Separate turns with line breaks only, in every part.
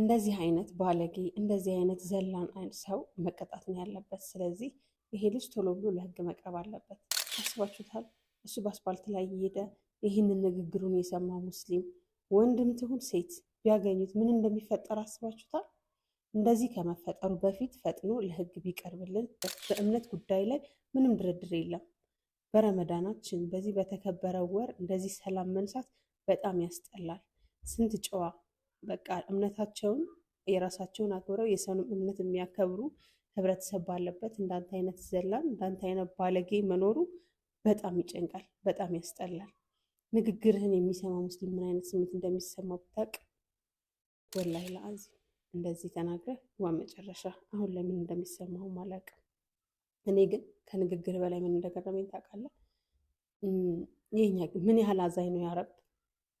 እንደዚህ አይነት ባለጌ እንደዚህ አይነት ዘላን ሰው መቀጣት ነው ያለበት። ስለዚህ ይሄ ልጅ ቶሎ ብሎ ለህግ መቅረብ አለበት። አስባችሁታል? እሱ በአስፓልት ላይ እየሄደ ይህንን ንግግሩን የሰማ ሙስሊም ወንድም ትሁን ሴት ቢያገኙት ምን እንደሚፈጠር አስባችሁታል? እንደዚህ ከመፈጠሩ በፊት ፈጥኖ ለህግ ቢቀርብልን። በእምነት ጉዳይ ላይ ምንም ድርድር የለም። በረመዳናችን በዚህ በተከበረው ወር እንደዚህ ሰላም መንሳት በጣም ያስጠላል። ስንት ጨዋ በቃ እምነታቸውን የራሳቸውን አክብረው የሰውን እምነት የሚያከብሩ ህብረተሰብ ባለበት እንዳንተ አይነት ዘላን እንዳንተ አይነት ባለጌ መኖሩ በጣም ይጨንቃል፣ በጣም ያስጠላል። ንግግርህን የሚሰማ ሙስሊም ምን አይነት ስሜት እንደሚሰማው ብታቅ። ወላይ ለአዚ እንደዚህ ተናግረህ ዋ መጨረሻ። አሁን ለምን ምን እንደሚሰማው አላውቅም። እኔ ግን ከንግግር በላይ ምን እንደገረመኝ ታውቃለህ? ይህኛ ግን ምን ያህል አዛኝ ነው ያረብ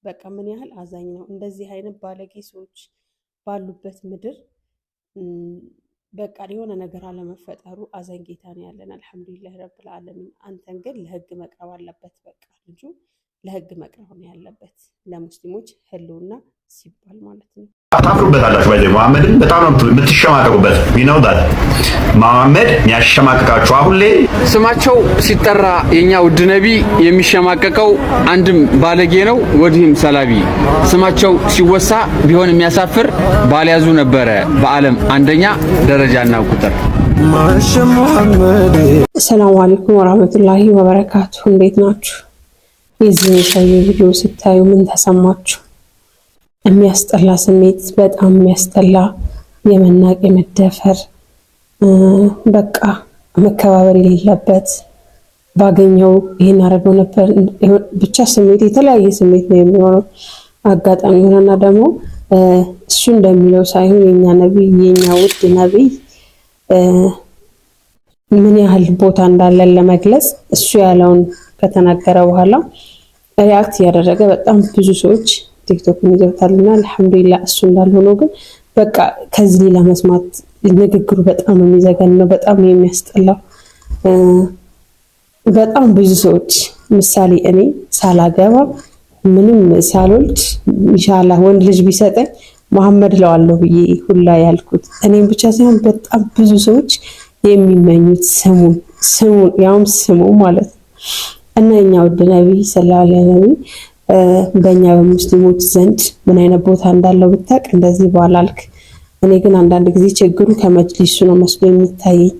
በቃ ምን ያህል አዛኝ ነው። እንደዚህ አይነት ባለጌ ሰዎች ባሉበት ምድር በቃ የሆነ ነገር አለመፈጠሩ አዛኝ ጌታ ነው ያለን። አልሐምዱሊላህ ረብል ዓለሚን። አንተን ግን ለህግ መቅረብ አለበት። በቃ ልጁ ለህግ መቅረብ ነው ያለበት፣ ለሙስሊሞች ህልውና ሲባል ማለት ነው።
አታፍሩበታላችሁ። ባይዘ መሐመድን በጣም ነው የምትሸማቀቁበት። ቢነው ዳት መሐመድ የሚያሸማቅቃችሁ አሁን ላይ
ስማቸው ሲጠራ የኛ ውድ ነቢ የሚሸማቀቀው አንድም ባለጌ ነው፣ ወዲህም ሰላቢ። ስማቸው ሲወሳ ቢሆን የሚያሳፍር ባልያዙ ነበረ በዓለም አንደኛ ደረጃና ቁጥር።
ሰላም አለይኩም ወራህመቱላሂ ወበረካቱ። እንዴት ናችሁ? የዚህ ቪዲዮ ስታዩ ምን ተሰማችሁ? የሚያስጠላ ስሜት፣ በጣም የሚያስጠላ የመናቅ የመደፈር በቃ መከባበር የሌለበት ባገኘው ይህን አደረገው ነበር ብቻ ስሜት የተለያየ ስሜት ነው የሚሆነው። አጋጣሚ ሆነና ደግሞ እሱ እንደሚለው ሳይሆን የኛ ነቢይ የኛ ውድ ነቢይ ምን ያህል ቦታ እንዳለን ለመግለጽ እሱ ያለውን ከተናገረ በኋላ ሪያክት እያደረገ በጣም ብዙ ሰዎች ቲክቶክ ነው ይዘውታል እና አልሐምዱሊላ እሱ እንዳልሆነው ግን በቃ ከዚህ ሌላ መስማት ንግግሩ በጣም የሚዘገን ነው። በጣም የሚያስጠላው። በጣም ብዙ ሰዎች ምሳሌ እኔ ሳላገባ ምንም ሳልወልድ ኢንሻላ ወንድ ልጅ ቢሰጠኝ መሐመድ ለዋለሁ ብዬ ሁላ ያልኩት እኔም ብቻ ሳይሆን በጣም ብዙ ሰዎች የሚመኙት ስሙን ስሙን ያውም ስሙ ማለት ነው እና እኛ ውድ ነቢ ስላ ነቢ በእኛ በሙስሊሞች ዘንድ ምን አይነት ቦታ እንዳለው ብታቅ እንደዚህ ባላልክ። እኔ ግን አንዳንድ ጊዜ ችግሩ ከመጅሊሱ ነው መስሎ የሚታየኝ።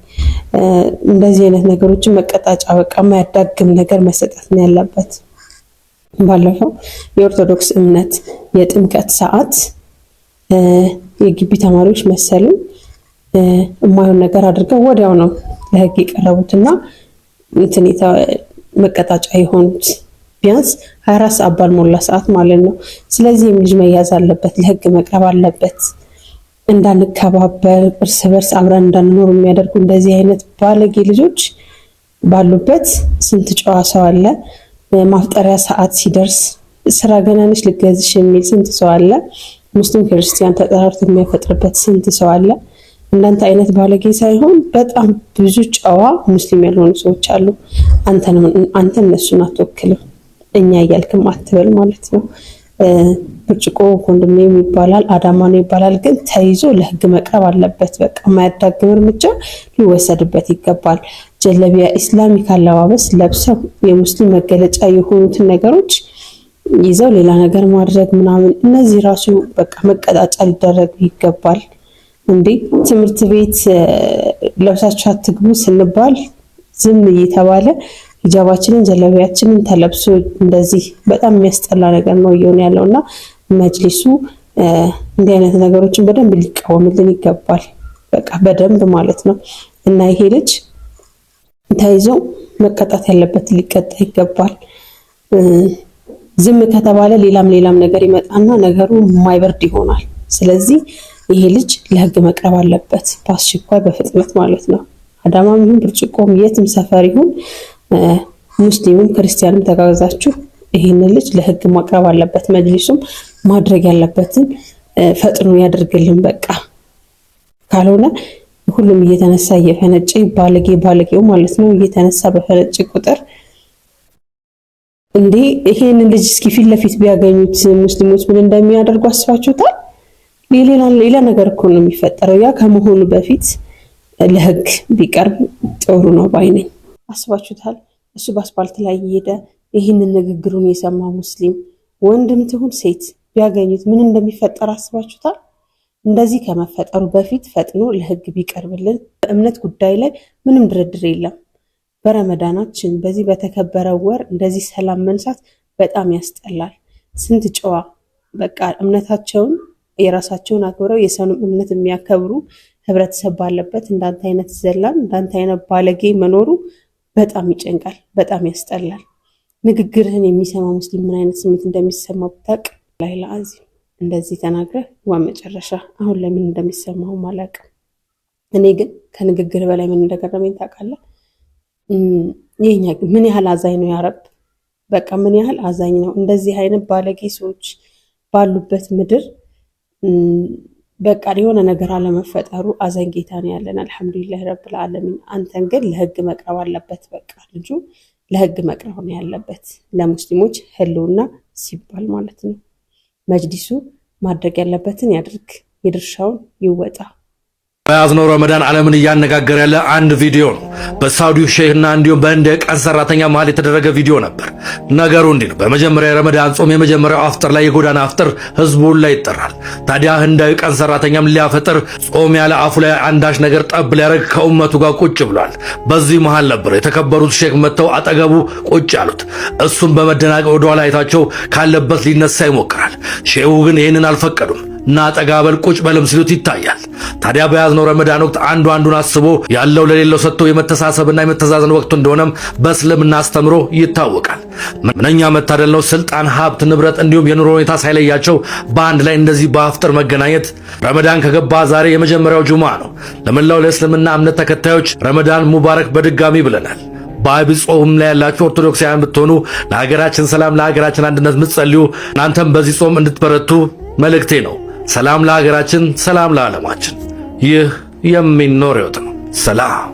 እንደዚህ አይነት ነገሮችን መቀጣጫ በቃ የማያዳግም ነገር መሰጠት ነው ያለበት። ባለፈው የኦርቶዶክስ እምነት የጥምቀት ሰዓት የግቢ ተማሪዎች መሰሉን የማይሆን ነገር አድርገው ወዲያው ነው ለህግ የቀረቡትና እንትን መቀጣጫ የሆኑት። ቢያንስ 24 ሰዓት ባልሞላ ሰዓት ማለት ነው። ስለዚህ ልጅ መያዝ አለበት፣ ለህግ መቅረብ አለበት። እንዳንከባበር እርስ በርስ አብረን እንዳንኖር የሚያደርጉ እንደዚህ አይነት ባለጌ ልጆች ባሉበት ስንት ጨዋ ሰው አለ። ማፍጠሪያ ሰዓት ሲደርስ ስራ ገና ልገዝሽ የሚል ስንት ሰው አለ። ሙስሊም ክርስቲያን ተጠራርቶ የሚያፈጥርበት ስንት ሰው አለ። እንዳንተ አይነት ባለጌ ሳይሆን በጣም ብዙ ጨዋ ሙስሊም ያልሆኑ ሰዎች አሉ። አንተ እነሱን አትወክልም። እኛ እያልክም አትበል ማለት ነው። ብርጭቆ ኮንዶሚኒየም ይባላል፣ አዳማ ነው ይባላል። ግን ተይዞ ለህግ መቅረብ አለበት። በቃ የማያዳግም እርምጃ ሊወሰድበት ይገባል። ጀለቢያ፣ ኢስላሚክ አለባበስ ለብሰው የሙስሊም መገለጫ የሆኑትን ነገሮች ይዘው ሌላ ነገር ማድረግ ምናምን፣ እነዚህ ራሱ በቃ መቀጣጫ ሊደረግ ይገባል። እንዴ ትምህርት ቤት ለብሳችሁ አትግቡ ስንባል ዝም እየተባለ ሂጃባችንን ጀለቢያችንን ተለብሶ እንደዚህ በጣም የሚያስጠላ ነገር ነው እየሆነ ያለው እና መጅሊሱ እንዲህ አይነት ነገሮችን በደንብ ሊቃወምልን ይገባል። በቃ በደንብ ማለት ነው እና ይሄ ልጅ ተይዞ መቀጣት ያለበት ሊቀጣ ይገባል። ዝም ከተባለ ሌላም ሌላም ነገር ይመጣና ነገሩ የማይበርድ ይሆናል። ስለዚህ ይሄ ልጅ ለህግ መቅረብ አለበት በአስቸኳይ በፍጥነት ማለት ነው። አዳማም ይሁን ብርጭቆም የትም ሰፈር ይሁን ሙስሊምም ክርስቲያንም ተጋግዛችሁ ይህንን ልጅ ለህግ ማቅረብ አለበት። መጅሊሱም ማድረግ ያለበትን ፈጥኖ ያደርግልን። በቃ ካልሆነ ሁሉም እየተነሳ እየፈነጨ ባለጌ ባለጌው ማለት ነው እየተነሳ በፈነጭ ቁጥር እንዴ ይሄን ልጅ እስኪ ፊት ለፊት ቢያገኙት ሙስሊሞች ምን እንደሚያደርጉ አስባችሁታል? ሌላ ነገር እኮ ነው የሚፈጠረው። ያ ከመሆኑ በፊት ለህግ ቢቀርብ ጥሩ ነው ባይ ነኝ።
አስባችሁታል? እሱ በአስፓልት ላይ እየሄደ ይህንን ንግግሩን የሰማ ሙስሊም ወንድም ትሁን ሴት ቢያገኙት ምን እንደሚፈጠር አስባችሁታል? እንደዚህ ከመፈጠሩ በፊት ፈጥኖ ለህግ ቢቀርብልን። በእምነት ጉዳይ ላይ ምንም ድርድር የለም። በረመዳናችን በዚህ በተከበረው ወር እንደዚህ ሰላም መንሳት በጣም ያስጠላል። ስንት ጨዋ በቃ እምነታቸውን የራሳቸውን አክብረው የሰውን እምነት የሚያከብሩ ህብረተሰብ ባለበት እንዳንተ አይነት ዘላን እንዳንተ አይነት ባለጌ መኖሩ በጣም ይጨንቃል፣ በጣም ያስጠላል። ንግግርህን የሚሰማ ሙስሊም ምን አይነት ስሜት እንደሚሰማው ብታቅ ላይላ አዚም እንደዚህ ተናግረህ ዋ መጨረሻ አሁን ላይ ምን እንደሚሰማውም አላውቅም። እኔ ግን ከንግግር በላይ ምን እንደገረመኝ ታውቃለህ? ይህኛ ምን ያህል አዛኝ ነው ያረብ፣ በቃ ምን ያህል አዛኝ ነው። እንደዚህ አይነት ባለጌ ሰዎች ባሉበት ምድር በቃ የሆነ ነገር አለመፈጠሩ አዘን ጌታ ነው ያለን። አልሐምዱሊላህ ረብል ዓለሚን። አንተን ግን ለህግ መቅረብ አለበት። በቃ ልጁ ለህግ መቅረብ ነው ያለበት፣ ለሙስሊሞች ህልውና ሲባል ማለት ነው። መጅሊሱ ማድረግ ያለበትን ያድርግ፣ የድርሻውን ይወጣ።
በያዝነው ረመዳን ዓለምን እያነጋገረ ያለ አንድ ቪዲዮ ነው። በሳውዲው ሼህና እንዲሁም በህንድ ቀን ሰራተኛ መሀል የተደረገ ቪዲዮ ነበር። ነገሩ እንዲህ ነው። በመጀመሪያ የረመዳን ጾም የመጀመሪያው አፍጥር ላይ የጎዳና አፍጥር ህዝቡን ላይ ይጠራል። ታዲያ ህንዳዊ ቀን ሰራተኛም ሊያፈጥር ጾም ያለ አፉ ላይ አንዳች ነገር ጠብ ሊያደርግ ከኡመቱ ጋር ቁጭ ብሏል። በዚህ መሃል ነበር የተከበሩት ሼክ መጥተው አጠገቡ ቁጭ አሉት። እሱም በመደናቀቅ ወደኋላ አይታቸው ካለበት ሊነሳ ይሞክራል። ሼሁ ግን ይህንን አልፈቀዱም። ና ጠጋ በል ቁጭ በልም ሲሉት ይታያል። ታዲያ በያዝነው ረመዳን ወቅት አንዱ አንዱን አስቦ ያለው ለሌለው ሰጥቶ የመተሳሰብና የመተዛዘን ወቅቱ እንደሆነም በእስልምና አስተምሮ ይታወቃል። ምንኛ መታደል ነው! ስልጣን፣ ሀብት፣ ንብረት እንዲሁም የኑሮ ሁኔታ ሳይለያቸው በአንድ ላይ እንደዚህ በአፍጥር መገናኘት። ረመዳን ከገባ ዛሬ የመጀመሪያው ጁማ ነው። ለመላው ለእስልምና እምነት ተከታዮች ረመዳን ሙባረክ በድጋሚ ብለናል። በአብይ ጾም ላይ ያላችሁ ኦርቶዶክሳውያን ብትሆኑ ለሀገራችን ሰላም፣ ለሀገራችን አንድነት ምትጸልዩ እናንተም በዚህ ጾም እንድትበረቱ መልእክቴ ነው። ሰላም ለሀገራችን፣ ሰላም ለዓለማችን። ይህ የሚኖር ሕይወት ነው። ሰላም